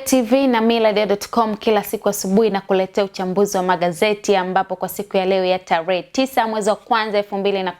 TV na milele.com kila siku asubuhi na kuletea uchambuzi wa magazeti ambapo kwa siku ya leo ya tarehe tisa mwezi wa kwanza mbili na,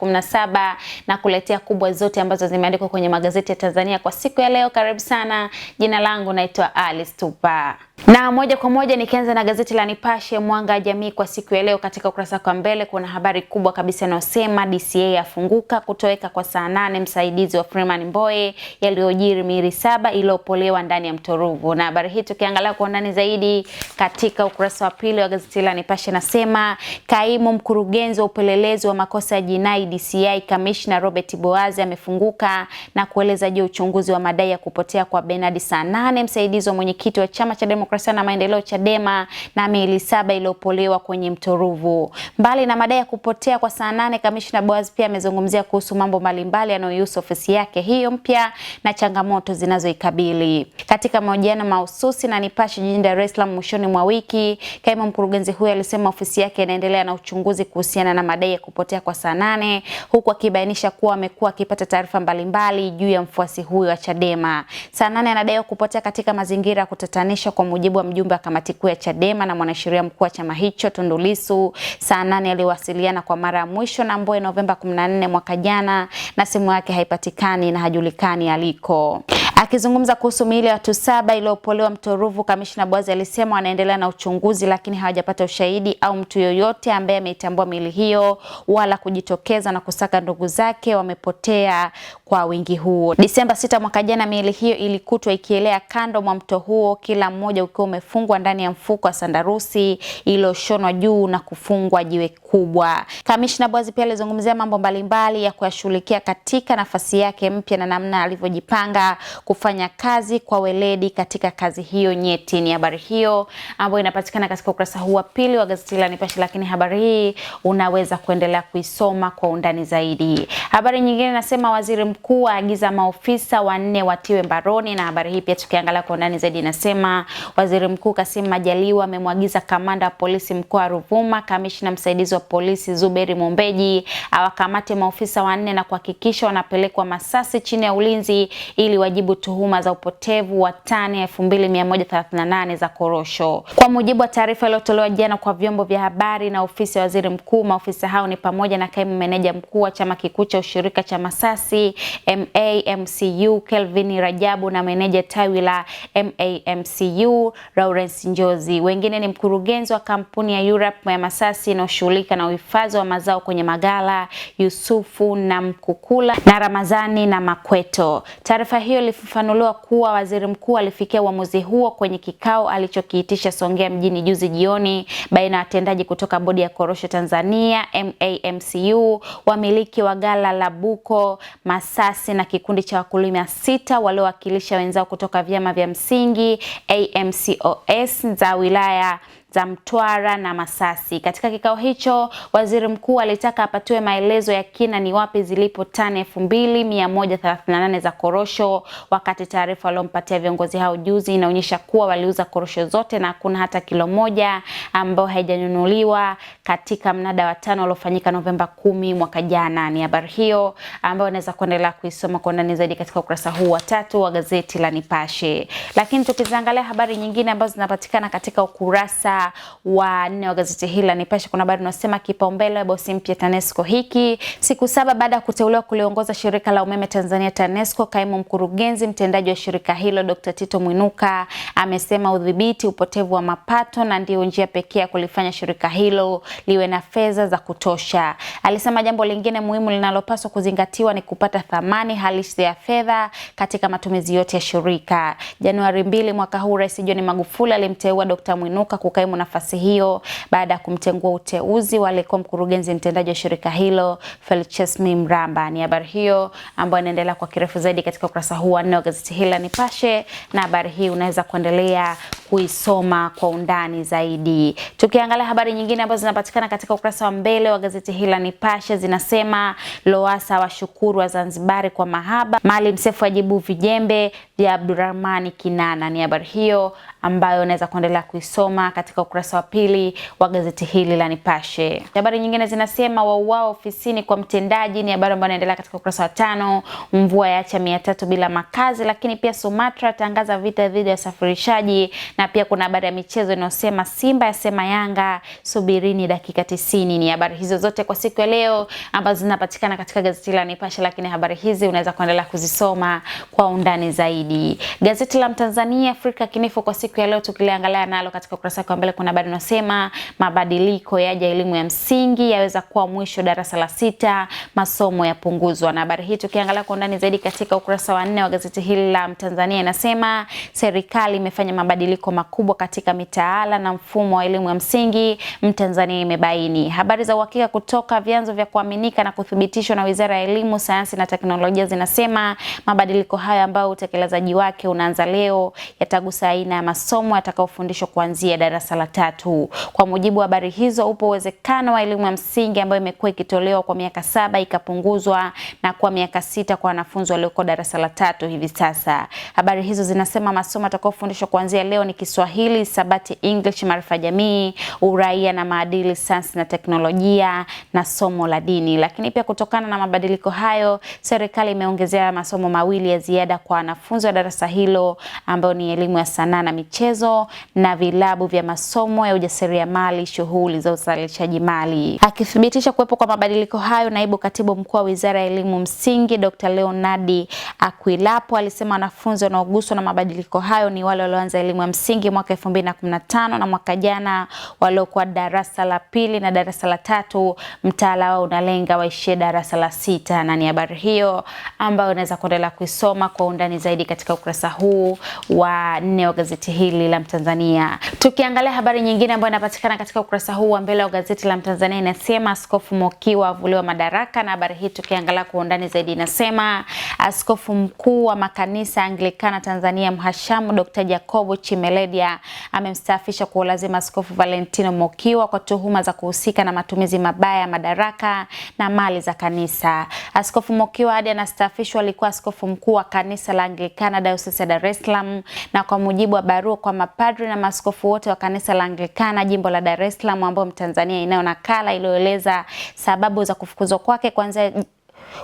na kuletea kubwa zote ambazo zimeandikwa kwenye magazeti ya Tanzania kwa siku ya leo. Karibu sana, jina langu naitwa Alice Tupa na moja kwa moja nikianza na gazeti la Nipashe Mwanga wa Jamii kwa siku ya leo, katika ukurasa kwa mbele kuna habari kubwa kabisa inayosema DCA afunguka kutoweka kwa saa nane msaidizi wa Freeman Mbowe, yaliyojiri miili saba iliyopolewa ndani ya Mtoruvu na habari habari hii tukiangalia kwa undani zaidi katika ukurasa wa pili wa gazeti la Nipashe, nasema kaimu mkurugenzi wa upelelezi wa makosa ya jinai DCI Kamishna Robert Boazi amefunguka na kueleza juu uchunguzi wa madai ya kupotea kwa Bernard Sanane, msaidizi wa mwenyekiti wa chama cha demokrasia na maendeleo Chadema, na miili saba iliyopolewa kwenye mtoruvu. Mbali na madai ya kupotea kwa Sanane, Kamishna Boazi pia amezungumzia kuhusu mambo mbalimbali yanayohusu ofisi yake hiyo mpya na changamoto zinazoikabili katika mahojiano mahususi na Nipashe jijini Dar es Salaam mwishoni mwa wiki. Kaimu mkurugenzi huyo alisema ofisi yake inaendelea na uchunguzi kuhusiana na madai ya kupotea kwa saa nane, huku akibainisha kuwa amekuwa akipata taarifa mbalimbali juu ya mfuasi huyo wa Chadema. Saa nane anadaiwa kupotea katika mazingira ya kutatanisha, kwa mujibu wa mjumbe wa kamati kuu ya Chadema na mwanasheria mkuu wa chama hicho Tundu Lissu. Saa nane aliwasiliana kwa mara ya mwisho na Mbowe Novemba 14 mwaka jana, na simu yake haipatikani na hajulikani aliko. Akizungumza kuhusu miili ya watu saba iliyopolewa mto Ruvu, kamishna Bwazi alisema wanaendelea na uchunguzi, lakini hawajapata ushahidi au mtu yoyote ambaye ameitambua miili hiyo wala kujitokeza na kusaka ndugu zake wamepotea kwa wingi huo. Disemba 6 mwaka jana, miili hiyo ilikutwa ikielea kando mwa mto huo, kila mmoja ukiwa umefungwa ndani ya mfuko wa sandarusi iliyoshonwa juu na kufungwa jiwe kubwa. Kamishna Bwazi pia alizungumzia mambo mbalimbali ya kuyashughulikia katika nafasi yake mpya na namna alivyojipanga kufanya kazi kwa weledi katika kazi hiyo nyeti. Ni habari hiyo ambayo inapatikana katika ukurasa huu wa pili wa gazeti la Nipashe, lakini habari hii unaweza kuendelea kuisoma kwa undani zaidi. Habari nyingine nasema waziri mkuu aagiza maofisa wanne watiwe mbaroni, na habari hii pia tukiangalia kwa undani zaidi inasema waziri mkuu Kassim Majaliwa amemwagiza kamanda wa polisi mkoa wa Ruvuma, kamishna msaidizi wa polisi Zuberi Mombeji awakamate maofisa wanne na kuhakikisha wanapelekwa Masasi chini ya ulinzi ili wajibu tuhuma za upotevu wa tani 2138 za korosho. Kwa mujibu wa taarifa iliyotolewa jana kwa vyombo vya habari na ofisi ya waziri mkuu, maofisa hao ni pamoja na kaimu meneja mkuu wa chama kikuu cha ushirika cha Masasi MAMCU Kelvin Rajabu na meneja tawi la MAMCU Lawrence Njozi. Wengine ni mkurugenzi wa kampuni ya Europe ya Masasi inayoshughulika na uhifadhi wa mazao kwenye magala Yusufu na Mkukula na Ramazani na Makweto. Taarifa hiyo kufafanuliwa kuwa waziri mkuu alifikia uamuzi huo kwenye kikao alichokiitisha Songea mjini juzi jioni baina ya watendaji kutoka bodi ya korosho Tanzania MAMCU, wamiliki wa gala la Buko, Masasi na kikundi cha wakulima sita waliowakilisha wenzao kutoka vyama vya msingi AMCOS za wilaya za Mtwara na Masasi. Katika kikao hicho, waziri mkuu alitaka apatiwe maelezo ya kina ni wapi zilipo tani 2138 za korosho, wakati taarifa waliompatia viongozi hao juzi inaonyesha kuwa waliuza korosho zote na hakuna hata kilo moja ambayo haijanunuliwa katika mnada wa tano uliofanyika Novemba kumi mwaka jana. Ni habari hiyo ambayo unaweza kuendelea kuisoma kwa undani zaidi katika ukurasa huu wa tatu wa gazeti la Nipashe. Lakini tukizangalia habari nyingine ambazo zinapatikana katika ukurasa wa nne wa gazeti hili la Nipashe kuna habari unasema kipaumbele bosi mpya TANESCO hiki siku saba baada ya kuteuliwa kuliongoza shirika la umeme Tanzania TANESCO, kaimu mkurugenzi mtendaji wa shirika hilo Dr. Tito Mwinuka amesema udhibiti upotevu wa mapato na ndio njia pekee ya kulifanya shirika hilo liwe na fedha za kutosha. Alisema jambo lingine muhimu linalopaswa kuzingatiwa ni kupata thamani halisi ya fedha katika matumizi yote ya shirika. Januari mbili mwaka huu Rais John Magufuli alimteua Dr. Mwinuka kukaa atakayehitimu nafasi hiyo baada ya kumtengua uteuzi wa aliyekuwa mkurugenzi mtendaji wa shirika hilo Felchesmi Mramba. Ni habari hiyo ambayo inaendelea kwa kirefu zaidi katika ukurasa huu wa nne wa gazeti hili la Nipashe, na habari hii unaweza kuendelea kuisoma kwa undani zaidi. Tukiangalia habari nyingine ambazo zinapatikana katika ukurasa wa mbele wa gazeti hili la Nipashe zinasema Lowassa washukuru wa zanzibari kwa mahaba, Maalim Seif ajibu vijembe vya Abdurahmani Kinana. Ni habari hiyo ambayo unaweza kuendelea kuisoma katika ukurasa wa pili wa gazeti hili la Nipashe. Habari nyingine zinasema wauao ofisini kwa mtendaji, ni habari ambayo inaendelea katika ukurasa wa tano. Mvua yaacha mia tatu bila makazi, lakini pia Sumatra tangaza vita dhidi ya usafirishaji na pia kuna habari ya michezo inayosema Simba yasema Yanga subirini dakika tisini. Ni habari hizo zote kwa siku ya leo ambazo zinapatikana katika gazeti la Nipashe, lakini habari hizi unaweza kuendelea kuzisoma kwa undani zaidi. Gazeti la Mtanzania Afrika Kinifu kwa siku ya leo tukiliangalia nalo katika ukurasa wa mbele kuna habari inayosema mabadiliko yaja elimu ya msingi yaweza kuwa mwisho darasa la sita, masomo yapunguzwa. Na habari hii tukiangalia kwa undani zaidi katika ukurasa wa nne wa gazeti hili la Mtanzania inasema serikali imefanya mabadiliko mabadiliko makubwa katika mitaala na mfumo wa elimu ya msingi Mtanzania imebaini. Habari za uhakika kutoka vyanzo vya kuaminika na kuthibitishwa na Wizara ya Elimu, Sayansi na Teknolojia zinasema mabadiliko hayo ambayo utekelezaji wake unaanza leo yatagusa aina ya masomo yatakayofundishwa kuanzia darasa la tatu. Kwa mujibu wa habari hizo, upo uwezekano wa elimu ya msingi ambayo imekuwa ikitolewa kwa miaka saba ikapunguzwa na kuwa miaka sita kwa wanafunzi walioko darasa la tatu hivi sasa. Habari hizo zinasema masomo yatakayofundishwa kuanzia leo ni Kiswahili, Sabati English, Maarifa Jamii, Uraia na Maadili, Sayansi na Teknolojia na somo la dini. Lakini pia kutokana na mabadiliko hayo, serikali imeongezea masomo mawili ya ziada kwa wanafunzi wa darasa hilo ambayo ni elimu ya sanaa na michezo na vilabu vya masomo ya ujasiriamali, shughuli za uzalishaji mali. Akithibitisha kuwepo kwa mabadiliko hayo, naibu katibu mkuu wa Wizara ya Elimu Msingi Dr. Leonardi Akwilapo alisema wanafunzi wanaoguswa na mabadiliko hayo ni wale walioanza elimu ya msingi msingi mwaka 2015 na mwaka jana waliokuwa darasa la pili na darasa la tatu, mtaala wao unalenga waishie darasa la sita, na ni habari hiyo ambayo unaweza kuendelea kuisoma kwa undani zaidi katika ukurasa huu wa nne wa gazeti hili la Mtanzania. Tukiangalia habari nyingine ambayo inapatikana katika ukurasa huu wa mbele wa gazeti la Mtanzania inasema Askofu Mokiwa avuliwa madaraka, na habari hii tukiangalia kwa undani zaidi inasema askofu mkuu wa makanisa Anglikana Tanzania mhashamu Dr. Jacobo Chimele Ledia amemstaafisha kwa ulazima Askofu Valentino Mokiwa kwa tuhuma za kuhusika na matumizi mabaya ya madaraka na mali za kanisa. Askofu Mokiwa hadi anastaafishwa alikuwa askofu mkuu wa kanisa la Anglikana Diocese ya Dar es Salaam, na kwa mujibu wa barua kwa mapadri na maaskofu wote wa kanisa la Anglikana jimbo la Dar es Salaam, ambayo Mtanzania inayo nakala iliyoeleza sababu za kufukuzwa kwake kuanzia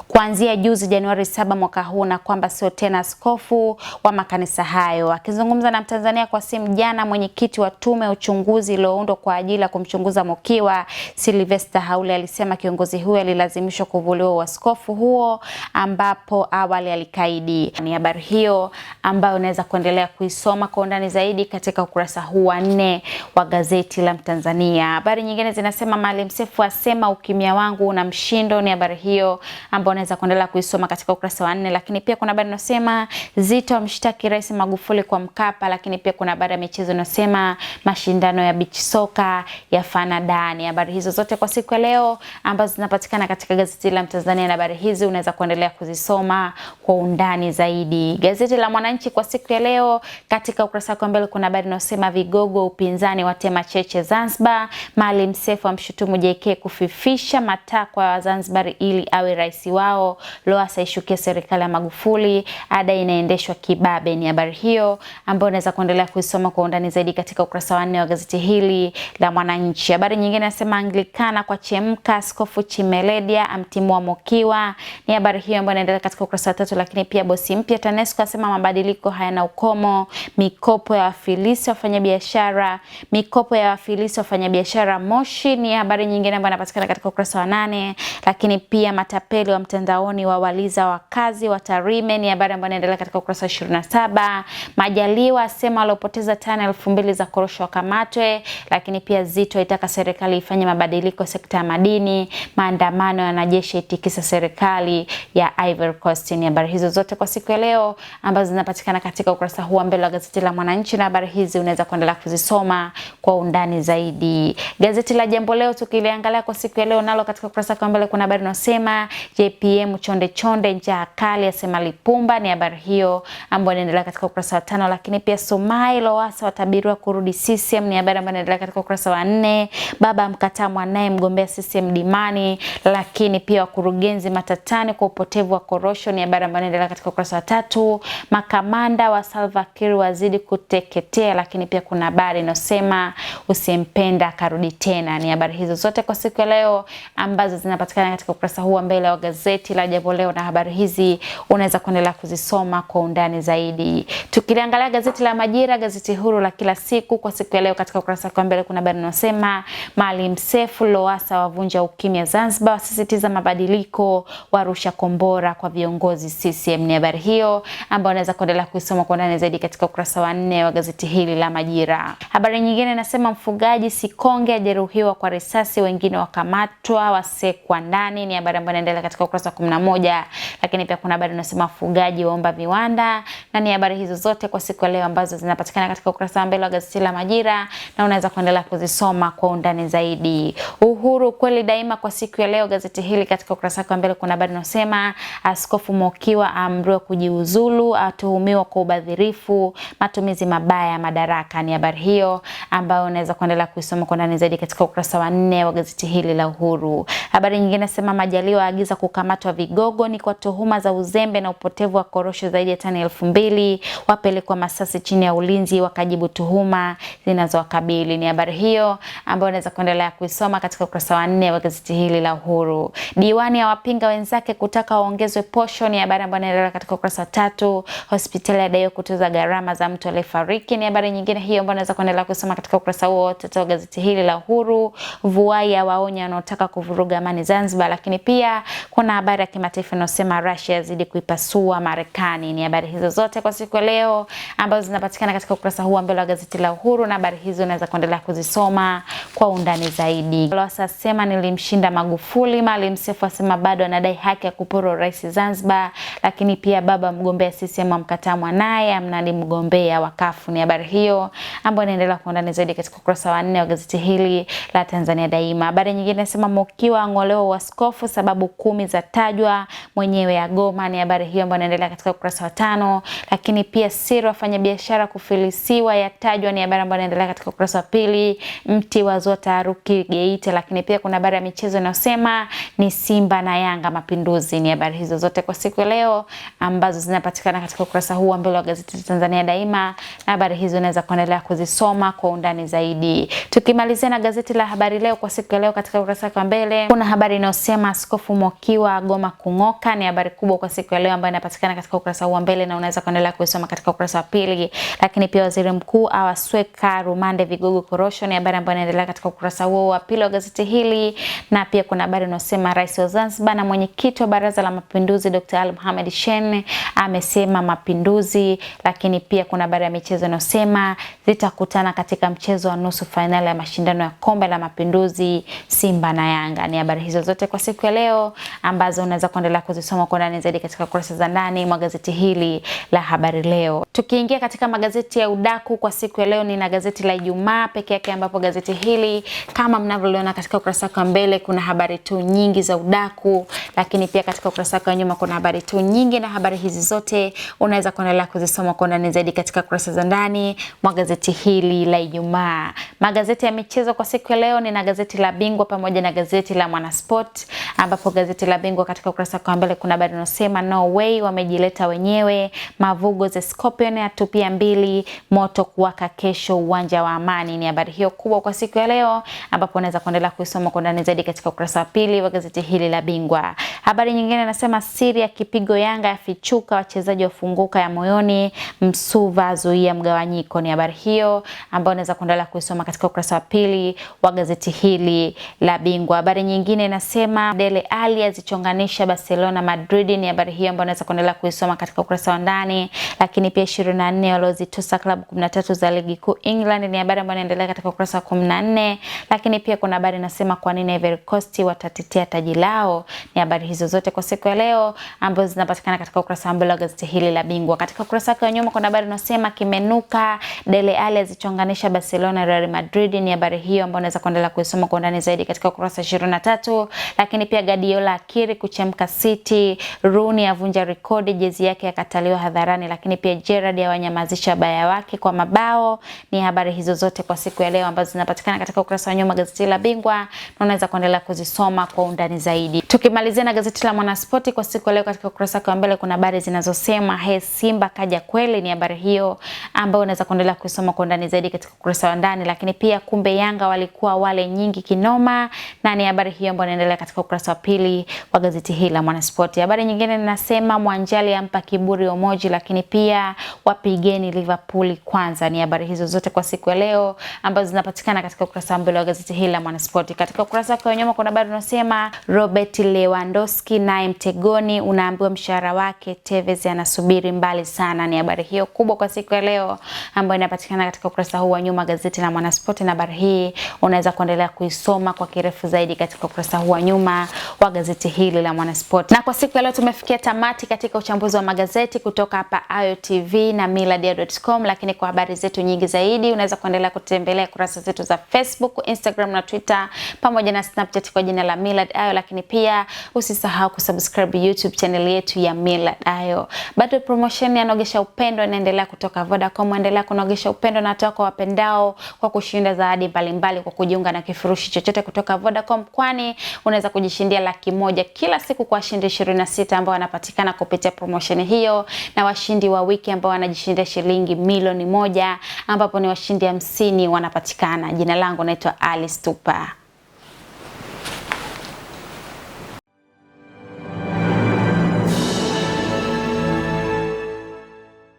kuanzia juzi Januari saba mwaka huu na kwamba sio tena askofu wa makanisa hayo. Akizungumza na Mtanzania kwa simu jana, mwenyekiti wa tume uchunguzi iliyoundwa kwa ajili ya kumchunguza Mokiwa Silvester Haule alisema kiongozi huyo alilazimishwa kuvuliwa uaskofu huo ambapo awali alikaidi. Ni habari hiyo ambayo unaweza kuendelea kuisoma kwa undani zaidi katika ukurasa huu wa nne wa gazeti la Mtanzania. Habari nyingine zinasema Maalim Seif asema ukimya wangu una mshindo. Ni habari hiyo ambao unaweza kuendelea kuisoma katika ukurasa wa nne. Lakini pia kuna habari inasema Zito amshtaki Rais Magufuli kwa Mkapa, lakini pia kuna habari ya michezo inasema mashindano ya beach soka ya fana dani. Habari hizo zote kwa siku ya leo ambazo zinapatikana katika gazeti la Mtanzania, na habari hizi unaweza kuendelea kuzisoma kwa undani zaidi. Gazeti la Mwananchi kwa siku ya leo katika ukurasa wa mbele kuna habari inasema vigogo upinzani watema cheche Zanzibar, Maalim Seif amshutumu JK kufifisha matakwa ya Zanzibar ili awe rais rais wao. Lowassa aishukia serikali ya Magufuli, ada inaendeshwa kibabe. Ni habari hiyo ambayo unaweza kuendelea kuisoma kwa undani zaidi katika ukurasa wa nne wa gazeti hili la Mwananchi. Habari nyingine nasema Anglikana kwa chemka, Askofu Chimeledia amtimua Mokiwa. Ni habari hiyo ambayo inaendelea katika ukurasa wa tatu. Lakini pia bosi mpya TANESCO asema mabadiliko hayana ukomo. Mikopo ya wafilisi wafanyabiashara, mikopo ya wafilisi wafanyabiashara Moshi ni habari nyingine ambayo inapatikana katika ukurasa wa nane. Lakini pia matapeli wa mtandaoni wa waliza wakazi wa Tarime. Ni habari ambayo inaendelea katika ukurasa wa 27. Majaliwa asema waliopoteza tani elfu mbili za korosho wakamatwe, lakini pia Zito aitaka serikali ifanye mabadiliko sekta ya madini. Maandamano ya wanajeshi itikisa serikali ya Ivory Coast. Ni habari hizo zote kwa siku ya leo ambazo zinapatikana katika ukurasa huu wa mbele wa gazeti la Mwananchi, na habari hizi unaweza kuendelea kuzisoma kwa undani zaidi. Gazeti la Jambo Leo tukiliangalia kwa siku ya leo, nalo katika ukurasa wa mbele kuna habari inasema JPM chonde chonde njaa kali asema Lipumba. Ni habari hiyo ambayo inaendelea katika ukurasa wa tano, lakini pia Somai Lowassa watabiriwa kurudi CCM. Ni habari ambayo inaendelea katika ukurasa wa nne. Baba mkataa mwanaye mgombea CCM Dimani, lakini pia wakurugenzi matatani kwa upotevu wa korosho. Ni habari ambayo inaendelea katika ukurasa wa tatu. Makamanda wa Salva Kiir wazidi kuteketea, lakini pia kuna habari inayosema usimpenda akarudi tena. Ni habari hizo zote kwa siku ya leo ambazo zinapatikana katika ukurasa huu wa mbele wa gazeti la Jambo Leo, na habari hizi unaweza kuendelea kuzisoma kwa undani zaidi. Tukiliangalia gazeti la Majira, gazeti huru la kila siku, kwa siku ya leo, katika ukurasa wa mbele kuna habari inasema, Maalim Seif, Lowassa wavunja ukimya Zanzibar, wasisitiza mabadiliko, warusha kombora kwa viongozi CCM. Ni habari hiyo ambayo unaweza kuendelea kuisoma kwa undani zaidi katika ukurasa wa nne wa gazeti hili la Majira. Habari nyingine inasema mfugaji Sikonge ajeruhiwa kwa risasi, wengine wakamatwa, wasekwa ndani. Ni habari ambayo inaendelea katika katika ukurasa wa moja. lakini pia kuna habari inasema wafugaji waomba viwanda, na ni habari hizo zote kwa siku ya leo ambazo zinapatikana katika ukurasa wa mbele wa gazeti la Majira, na unaweza kuendelea kuzisoma kwa undani zaidi. Uhuru kweli daima kwa siku ya leo, gazeti hili katika ukurasa wa mbele kuna habari inasema Askofu Mokiwa aamriwa kujiuzulu, atuhumiwa kwa ubadhirifu, matumizi mabaya ya madaraka. Ni habari hiyo ambayo unaweza kuendelea kuisoma kwa undani zaidi katika ukurasa wa nne wa gazeti hili la Uhuru. Habari nyingine nasema Majaliwa aagiza ku kukamatwa Vigogo ni kwa tuhuma za uzembe na upotevu wa korosho zaidi ya tani elfu mbili wapelekwa Masasi chini ya ulinzi wakajibu tuhuma zinazowakabili. Ni habari hiyo ambayo unaweza kuendelea kuisoma katika ukurasa wa nne wa gazeti hili la Uhuru. Diwani awapinga wenzake kutaka waongezwe posho, ni habari ambayo inaendelea katika ukurasa wa tatu. Hospitali yadaiwa kutoza gharama za mtu aliyefariki, ni habari nyingine hiyo ambayo unaweza kuendelea kuisoma katika ukurasa huo wote wa gazeti hili la Uhuru. Vuai awaonya wanaotaka kuvuruga amani Zanzibar, lakini pia kuna kuna habari ya kimataifa inayosema Russia yazidi kuipasua Marekani. Ni habari hizo zote kwa siku ya leo ambazo zinapatikana katika ukurasa huu wa mbele wa gazeti la Uhuru, na habari hizo unaweza kuendelea kuzisoma kwa undani zaidi. Lowassa asema nilimshinda Magufuli. Maalim Seif asema bado anadai haki ya kupora urais Zanzibar, lakini pia baba mgombea CCM amkataa mwanaye amnadi mgombea wa CUF. Ni habari hiyo ambayo inaendelea kwa undani zaidi katika ukurasa wa nne wa gazeti hili la Tanzania Daima. Habari nyingine nasema Mokiwa ang'olewa uaskofu sababu kumi ameweza tajwa mwenyewe agoma, ni habari hiyo ambayo inaendelea katika ukurasa wa tano. Lakini pia siri wafanyabiashara kufilisiwa yatajwa, ni habari ambayo inaendelea katika ukurasa wa pili. Mti wazua taharuki Geita, lakini pia kuna habari ya michezo inayosema ni Simba na Yanga mapinduzi. Ni habari hizo zote kwa siku ya leo ambazo zinapatikana katika ukurasa huu wa mbele wa gazeti la Tanzania Daima, na habari hizo unaweza kuendelea kuzisoma kwa undani zaidi. Tukimalizia na gazeti la Habari Leo kwa siku ya leo, katika ukurasa wa mbele kuna habari inayosema Askofu Moki kufanikiwa, goma kung'oka ni habari kubwa kwa siku ya leo ambayo inapatikana katika ukurasa wa mbele na unaweza kuendelea kusoma katika ukurasa wa pili. Lakini pia waziri mkuu awasweka rumande vigogo korosho ni habari ambayo inaendelea katika ukurasa huo wa pili wa gazeti hili, na pia kuna habari inayosema rais wa Zanzibar na mwenyekiti wa baraza la mapinduzi Dr. Ali Mohamed Shein amesema mapinduzi. Lakini pia kuna habari ya michezo inayosema zitakutana katika mchezo wa nusu fainali ya mashindano ya kombe la mapinduzi Simba na Yanga. Ni habari hizo zote kwa siku ya leo ambazo unaweza kuendelea kuzisoma kwa ndani zaidi katika kurasa za ndani mwa gazeti hili la Habari Leo. Tukiingia katika magazeti ya udaku kwa siku ya leo, ni na gazeti la Ijumaa peke yake, ambapo gazeti hili kama mnavyoliona katika ukurasa wa mbele kuna habari tu nyingi za udaku, lakini pia katika ukurasa wa nyuma kuna habari tu nyingi, na habari hizi zote unaweza kuendelea kuzisoma kwa ndani zaidi katika kurasa za ndani mwa gazeti hili la Ijumaa. Magazeti ya michezo kwa siku ya leo, ni na gazeti la Bingwa pamoja na gazeti la Mwanasport ambapo gazeti la la Bingwa katika ukurasa wa mbele kuna habari inasema no way wamejileta wenyewe, Mavugo za Scorpion atupia mbili, moto kuwaka kesho uwanja wa Amani. Ni habari hiyo kubwa kwa siku ya leo, ambapo unaweza kuendelea kusoma kwa ndani zaidi katika ukurasa wa pili wa gazeti hili la Bingwa. Habari nyingine nasema siri ya kipigo Yanga yafichuka, wachezaji wafunguka ya moyoni, Msuva zuia mgawanyiko. Ni habari hiyo ambayo unaweza kuendelea kusoma katika ukurasa wa pili wa gazeti hili la Bingwa. Habari nyingine nasema Dele Ali kinachozichonganisha Barcelona Madrid. Ni habari hiyo ambayo unaweza kuendelea kuisoma katika ukurasa wa ndani, lakini pia 24 waliozitosa klabu 13 za ligi kuu England ni habari ambayo inaendelea katika ukurasa wa 14, lakini pia kuna habari inasema kwa nini Ivory Coast watatetea taji lao. Ni habari hizo zote kwa siku ya leo ambazo zinapatikana katika ukurasa wa mbele wa gazeti hili la Bingwa. Katika ukurasa wake wa nyuma kuna habari inasema kimenuka, Dele Alli azichonganisha Barcelona Real Madrid. Ni habari hiyo ambayo unaweza kuendelea kuisoma kwa undani zaidi katika ukurasa 23, lakini pia Guardiola akiri kuchemka City, Rooney avunja rekodi, jezi yake yakataliwa hadharani, lakini pia Gerrard awanyamazisha baya wake kwa mabao. Ni habari hizo zote kwa siku ya leo ambazo zinapatikana katika ukurasa wa nyuma gazeti la Bingwa, na unaweza kuendelea kuzisoma kwa undani zaidi. Tukimalizia na gazeti la Mwanaspoti kwa siku ya leo, katika ukurasa wa mbele kuna habari zinazosema he, Simba kaja kweli. Ni habari hiyo ambayo unaweza kuendelea kusoma kwa undani zaidi katika ukurasa wa ndani, lakini pia kumbe Yanga walikuwa wale nyingi kinoma, na ni habari hiyo ambayo inaendelea katika ukurasa wa pili kwa gazeti hili la Mwanaspoti. Habari nyingine ninasema Mwanjali ampa kiburi Omoji, lakini pia wapigeni Liverpool kwanza. Ni habari hizo zote kwa siku ya leo ambazo zinapatikana katika ukurasa wa mbele wa gazeti hili la Mwanaspoti. Katika ukurasa wake wa nyuma kuna habari unasema Robert Lewandowski naye mtegoni, unaambiwa mshahara wake Tevez anasubiri mbali sana. Ni habari hiyo kubwa kwa siku ya leo ambayo inapatikana katika ukurasa huu wa nyuma gazeti la Mwanaspoti, na habari hii unaweza kuendelea kuisoma kwa kirefu zaidi katika ukurasa huu wa nyuma wa gazeti hili la Mwanaspoti. Na kwa siku ya leo tumefikia tamati katika uchambuzi wa magazeti kutoka hapa Ayo TV na millardayo.com, lakini kwa habari zetu nyingi zaidi unaweza kuendelea kutembelea kurasa zetu za Facebook, Instagram na Twitter pamoja na Snapchat kwa jina la Millard Ayo, lakini pia usisahau kusubscribe YouTube channel yetu ya Millard Ayo. Bado promotion ya nogesha upendo inaendelea kutoka Vodacom, endelea kunogesha upendo na watu wako wapendao kwa kushinda zawadi mbalimbali kwa kujiunga na kifurushi chochote kutoka Vodacom, kwani unaweza kujishindia laki moja vya kila siku kwa washindi 26 ambao wanapatikana kupitia promotion hiyo na washindi wa wiki ambao wanajishindia shilingi milioni moja ambapo ni washindi hamsini wanapatikana. Jina langu naitwa Alice Tupa.